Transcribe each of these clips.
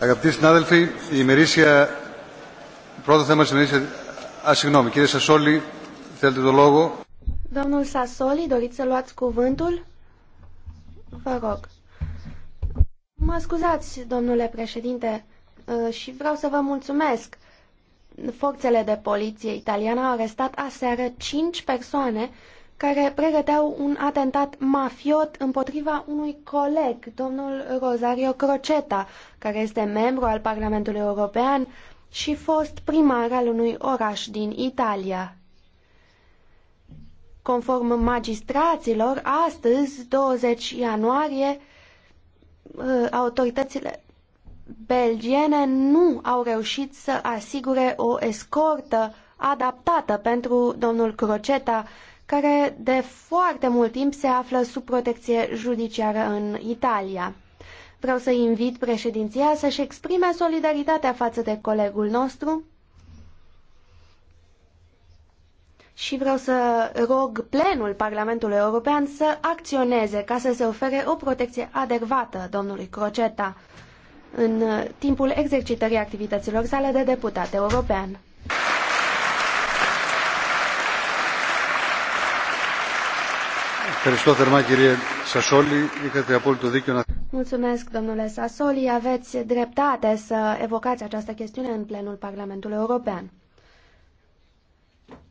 Αγαπητοί συνάδελφοι, η ημερήσια... Πρώτο θέμα της ημερήσιας... Α, συγγνώμη, κύριε Σασόλη, θέλετε το λόγο. Domnul Sasoli, doriți să luați cuvântul? Vă rog. Mă scuzați, domnule președinte, ă, și vreau să vă mulțumesc. Forțele de poliție italiană au arestat aseară cinci persoane care pregăteau un atentat mafiot împotriva unui coleg, domnul Rosario Croceta, care este membru al Parlamentului European și fost primar al unui oraș din Italia. Conform magistraților, astăzi, 20 ianuarie, uh, autoritățile belgiene nu au reușit să asigure o escortă adaptată pentru domnul Croceta care de foarte mult timp se află sub protecție judiciară în Italia. Vreau să invit președinția să-și exprime solidaritatea față de colegul nostru și vreau să rog plenul Parlamentului European să acționeze ca să se ofere o protecție adecvată domnului Croceta în timpul exercitării activităților sale de deputat european. Mulțumesc, domnule Sassoli. Aveți dreptate să evocați această chestiune în plenul Parlamentului European.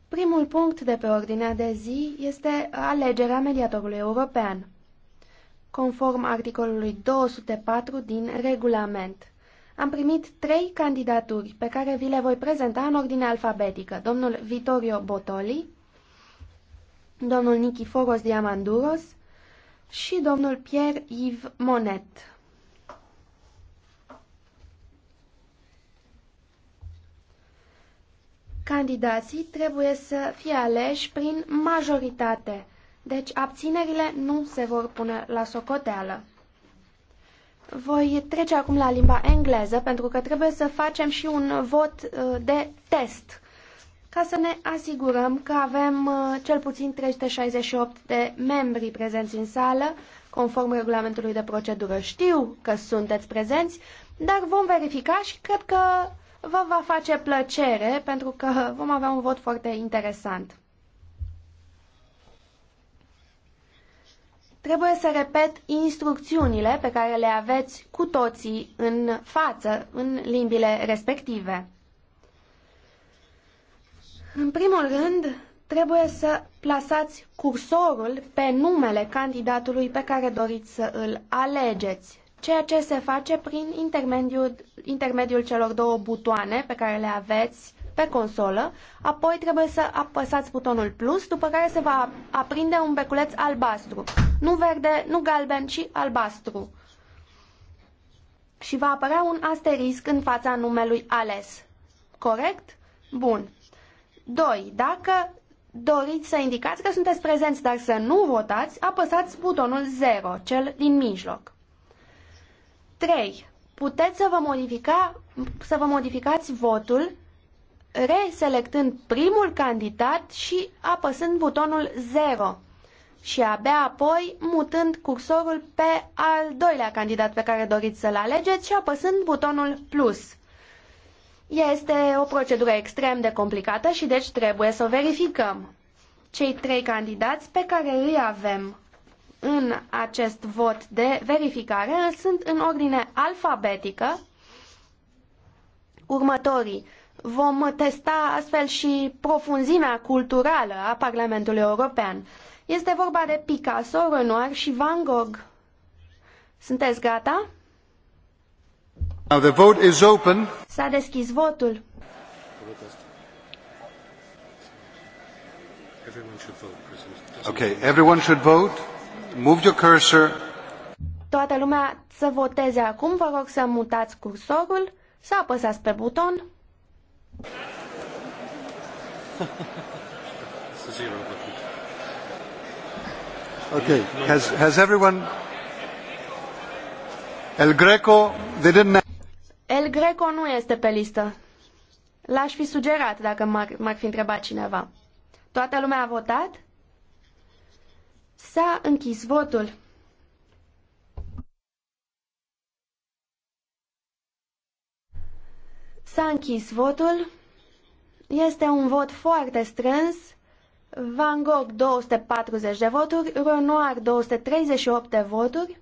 Primul punct de pe ordinea de zi este alegerea mediatorului european, conform articolului 204 din regulament. Am primit trei candidaturi pe care vi le voi prezenta în ordine alfabetică. Domnul Vittorio Botoli, domnul Nikiforos Diamanduros și domnul Pierre-Yves Monet. Candidații trebuie să fie aleși prin majoritate, deci abținerile nu se vor pune la socoteală. Voi trece acum la limba engleză pentru că trebuie să facem și un vot uh, de test ca să ne asigurăm că avem uh, cel puțin 368 de membri prezenți în sală, conform regulamentului de procedură. Știu că sunteți prezenți, dar vom verifica și cred că vă va face plăcere, pentru că vom avea un vot foarte interesant. Trebuie să repet instrucțiunile pe care le aveți cu toții în față, în limbile respective. În primul rând, trebuie să plasați cursorul pe numele candidatului pe care doriți să îl alegeți, ceea ce se face prin intermediul, intermediul celor două butoane pe care le aveți pe consolă, apoi trebuie să apăsați butonul plus, după care se va aprinde un beculeț albastru. Nu verde, nu galben, ci albastru. Și va apărea un asterisc în fața numelui ales. Corect? Bun. 2. Dacă doriți să indicați că sunteți prezenți, dar să nu votați, apăsați butonul 0, cel din mijloc. 3. Puteți să vă, modifica, să vă modificați votul reselectând primul candidat și apăsând butonul 0 și abia apoi mutând cursorul pe al doilea candidat pe care doriți să-l alegeți și apăsând butonul plus. Este o procedură extrem de complicată și deci trebuie să o verificăm. Cei trei candidați pe care îi avem în acest vot de verificare sunt în ordine alfabetică următorii. Vom testa astfel și profunzimea culturală a Parlamentului European. Este vorba de Picasso, Renoir și Van Gogh. Sunteți gata? Now the vote is open. S-a deschis votul. Okay, everyone should vote. Move your cursor. Toată lumea să voteze acum. Vă rog să mutați cursorul, să apăsați pe buton. okay, has, has everyone... El Greco, they didn't... El Greco nu este pe listă. L-aș fi sugerat dacă m-ar fi întrebat cineva. Toată lumea a votat? S-a închis votul. S-a închis votul. Este un vot foarte strâns. Van Gogh 240 de voturi, Renoir 238 de voturi,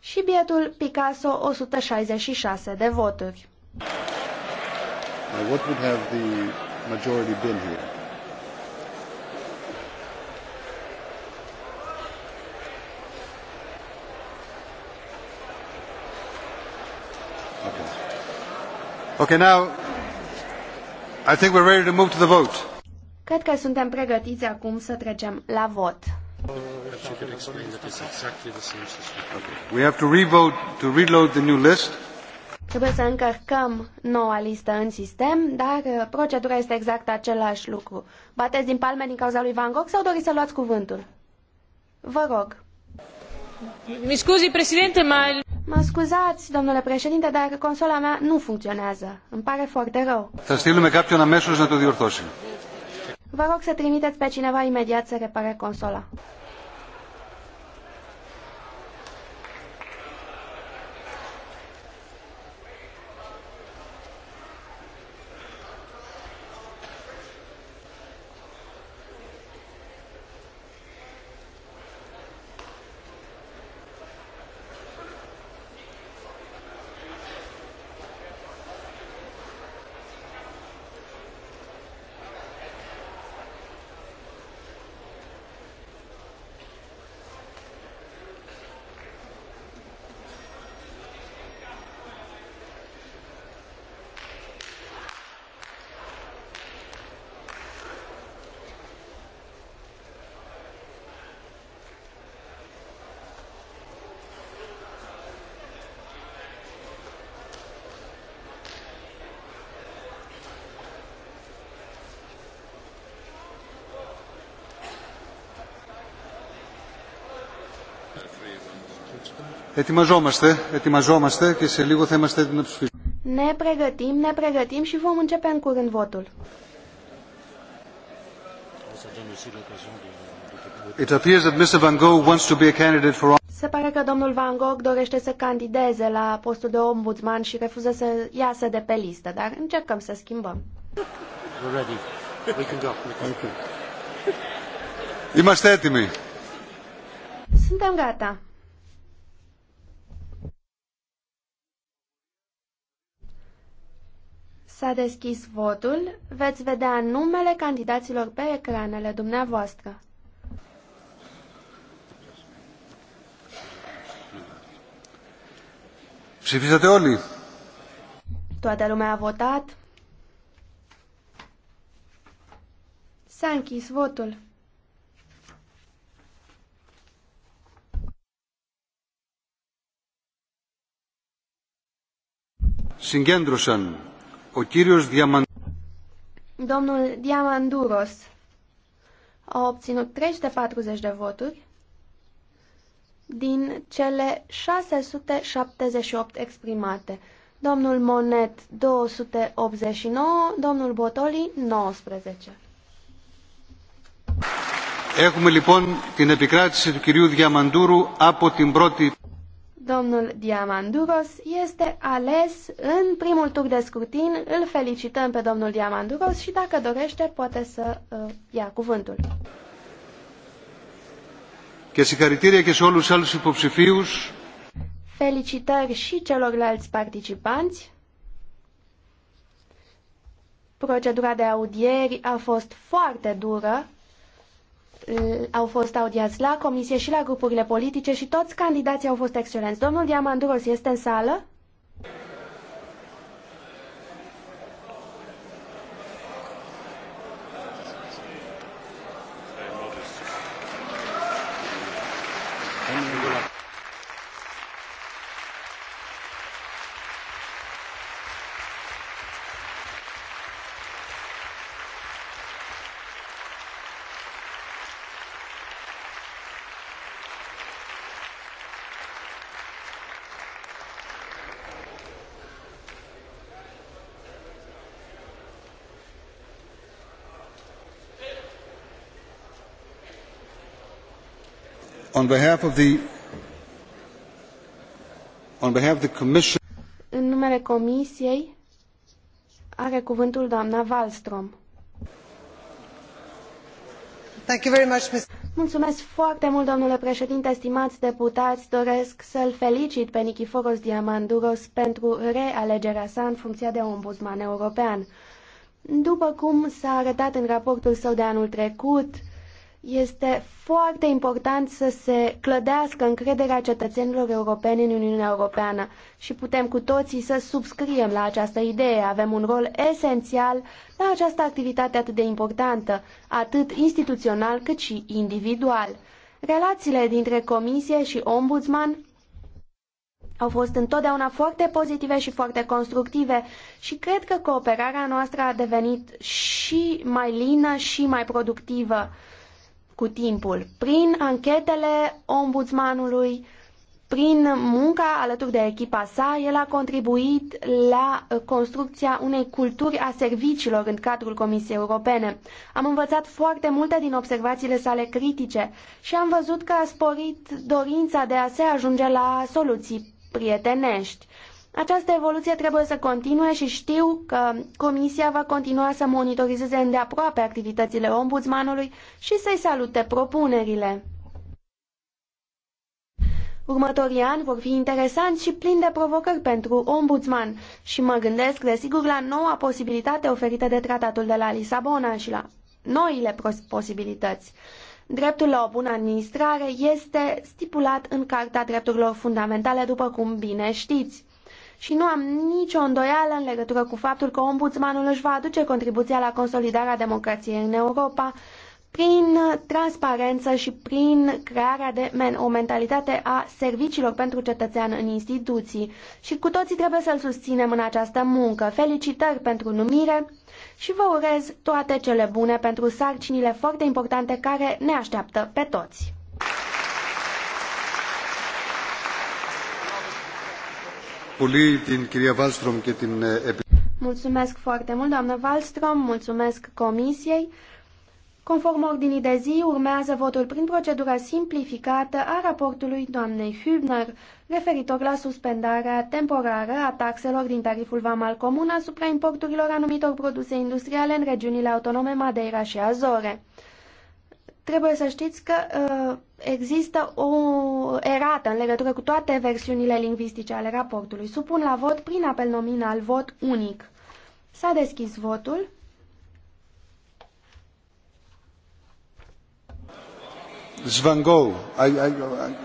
și bietul Picasso 166 de voturi. Now, what would have the majority been here? Okay. Okay, now I think we're ready to move to the vote. Cred că suntem pregătiți acum să trecem la vot. We have to reload, to reload the new list. Trebuie să încărcăm noua listă în sistem, dar uh, procedura este exact același lucru. Bateți din palme din cauza lui Van Gogh sau doriți să luați cuvântul? Vă rog. Mi scuzi, președinte, ma... Mă scuzați, domnule președinte, dar consola mea nu funcționează. Îmi pare foarte rău. Să stilume κάποιον αμέσως να tu διορθώσει. Vă rog să trimiteți pe cineva imediat să repare consola. Ετοιμαζόμαστε, ετοιμαζόμαστε και σε λίγο θα είμαστε έτοιμοι Ne pregătim, ne pregătim și vom începe în curând votul. It appears that Mr. Van Gogh wants to be a candidate for se pare că domnul Van Gogh dorește să candideze la postul de ombudsman și refuză să iasă de pe listă, dar încercăm să schimbăm. We're ready. We can go. We can... Okay. Suntem gata. S-a deschis votul. Veți vedea numele candidaților pe ecranele dumneavoastră. Ψηφίσατε όλοι. Toată lumea a votat. S-a închis votul. Συγκέντρωσαν Domnul Diamanduros a obținut 340 de voturi din cele 678 exprimate. Domnul Monet 289, domnul Botoli 19. Έχουμε λοιπόν την επικράτηση του κυρίου Διαμαντούρου από την πρώτη... Domnul Diamanduros este ales în primul tur de scrutin. Îl felicităm pe domnul Diamanduros și dacă dorește poate să uh, ia cuvântul. Και συγχαρητήρια και σε όλους τους άλλους υποψηφίους. Felicitări și celorlalți participanți. Procedura de audieri a fost foarte dură Uh, au fost audiați la comisie și la grupurile politice și toți candidații au fost excelenți. Domnul Diamandouros este în sală? În numele comisiei are cuvântul doamna Wallström. Thank you very much, Ms. Mulțumesc foarte mult, domnule președinte, stimați deputați. Doresc să-l felicit pe Nikiforos Diamanduros pentru realegerea sa în funcția de ombudsman european. După cum s-a arătat în raportul său de anul trecut, este foarte important să se clădească încrederea cetățenilor europeni în Uniunea Europeană și putem cu toții să subscriem la această idee. Avem un rol esențial la această activitate atât de importantă, atât instituțional cât și individual. Relațiile dintre Comisie și Ombudsman au fost întotdeauna foarte pozitive și foarte constructive și cred că cooperarea noastră a devenit și mai lină și mai productivă cu timpul, prin anchetele ombudsmanului, prin munca alături de echipa sa, el a contribuit la construcția unei culturi a serviciilor în cadrul Comisiei Europene. Am învățat foarte multe din observațiile sale critice și am văzut că a sporit dorința de a se ajunge la soluții prietenești. Această evoluție trebuie să continue și știu că Comisia va continua să monitorizeze îndeaproape activitățile ombudsmanului și să-i salute propunerile. Următorii ani vor fi interesanți și plini de provocări pentru ombudsman și mă gândesc, desigur, la noua posibilitate oferită de tratatul de la Lisabona și la noile posibilități. Dreptul la o bună administrare este stipulat în Carta Drepturilor Fundamentale, după cum bine știți și nu am nicio îndoială în legătură cu faptul că ombudsmanul își va aduce contribuția la consolidarea democrației în Europa prin transparență și prin crearea de men, o mentalitate a serviciilor pentru cetățean în instituții. Și cu toții trebuie să-l susținem în această muncă. Felicitări pentru numire și vă urez toate cele bune pentru sarcinile foarte importante care ne așteaptă pe toți. Mulțumesc foarte mult, doamnă Wallström, mulțumesc Comisiei. Conform ordinii de zi, urmează votul prin procedură simplificată a raportului doamnei Hübner referitor la suspendarea temporară a taxelor din tariful vamal comun asupra importurilor anumitor produse industriale în regiunile autonome Madeira și Azore trebuie să știți că uh, există o erată în legătură cu toate versiunile lingvistice ale raportului. Supun la vot prin apel nominal vot unic. S-a deschis votul. Van Gogh. I, I, I...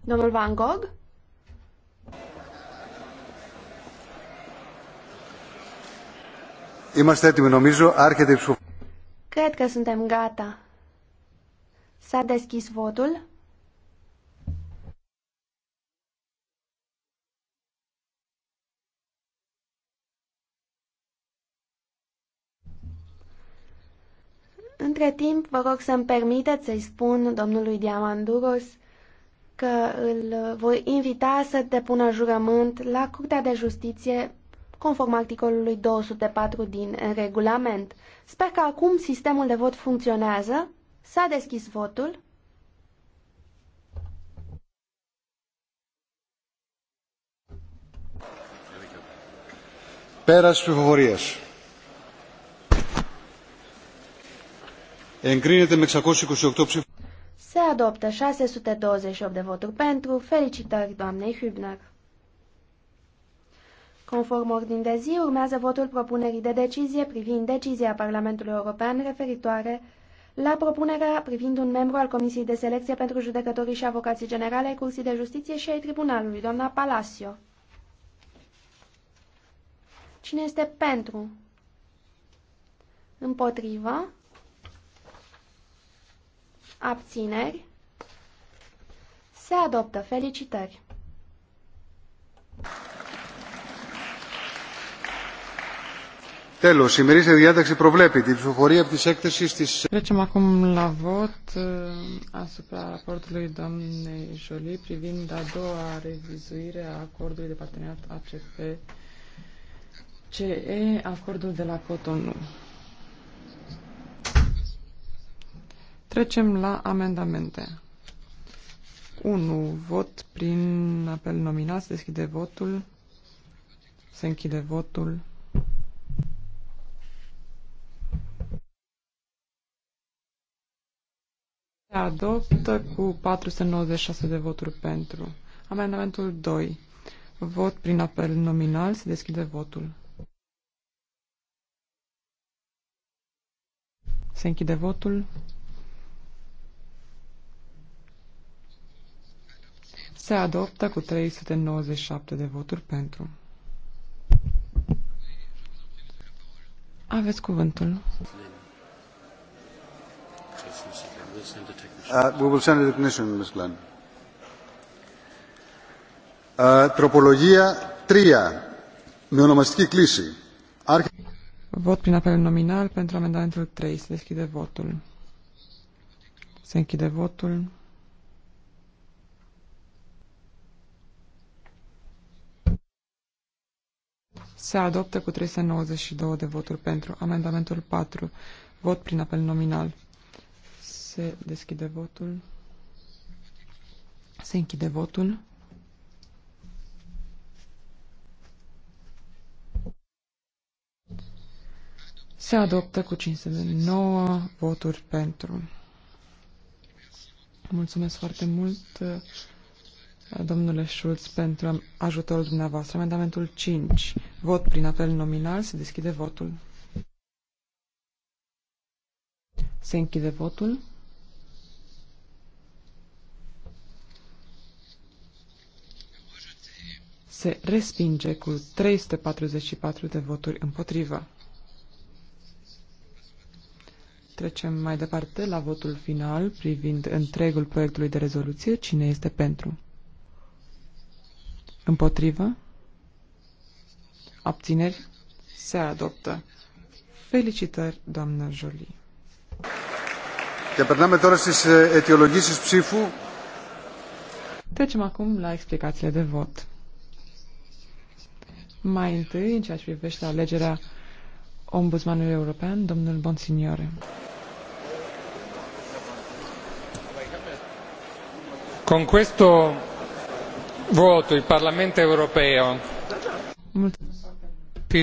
Domnul Van Gogh? Είμαστε έτοιμοι νομίζω, άρχεται η ψηφοφορία. Cred că suntem gata. S-a deschis votul. Între timp, vă rog să-mi permiteți să-i spun domnului Diamanduros că îl voi invita să depună jurământ la Curtea de Justiție conform articolului 204 din regulament. Sper că acum sistemul de vot funcționează. S-a deschis votul. Πέρας ψηφοφορίας. Εγκρίνεται με 628 ψήφους. Se adoptă 628 de voturi pentru. Felicitări doamnei Hübner. Conform ordin de zi, urmează votul propunerii de decizie privind decizia Parlamentului European referitoare la propunerea privind un membru al Comisiei de Selecție pentru Judecătorii și Avocații Generale ai Cursii de Justiție și ai Tribunalului, doamna Palacio. Cine este pentru? Împotrivă? Abțineri? Se adoptă. Felicitări! Trecem acum la vot uh, asupra raportului doamnei Jolie privind a doua revizuire a acordului de parteneriat ACP-CE, acordul de la Cotonou. Trecem la amendamente. 1. Vot prin apel nominal. Se deschide votul. Se închide votul. Se adoptă cu 496 de voturi pentru. Amendamentul 2. Vot prin apel nominal. Se deschide votul. Se închide votul. Se adoptă cu 397 de voturi pentru. Aveți cuvântul. Uh, we will send it to the Commission, Ms. Glenn. Τροπολογία 3. Με ονομαστική κλίση. Vot prin apel nominal pentru amendamentul 3. Se deschide votul. Se închide votul. Se adoptă cu 392 de voturi pentru amendamentul 4. Vot prin apel nominal. Se deschide votul. Se închide votul. Se adoptă cu 59 voturi pentru. Mulțumesc foarte mult, domnule Schulz, pentru ajutorul dumneavoastră. Amendamentul 5. Vot prin apel nominal. Se deschide votul. Se închide votul. se respinge cu 344 de voturi împotrivă. Trecem mai departe la votul final privind întregul proiectului de rezoluție. Cine este pentru? Împotrivă? Abțineri? Se adoptă. Felicitări, doamnă Jolie. Και περνάμε τώρα στις αιτιολογήσεις ψήφου. Trecem acum la explicațiile de vot. Mai întâi, în ceea ce privește alegerea ombudsmanului european, domnul Bonsignore. Con questo voto il Parlamento europeo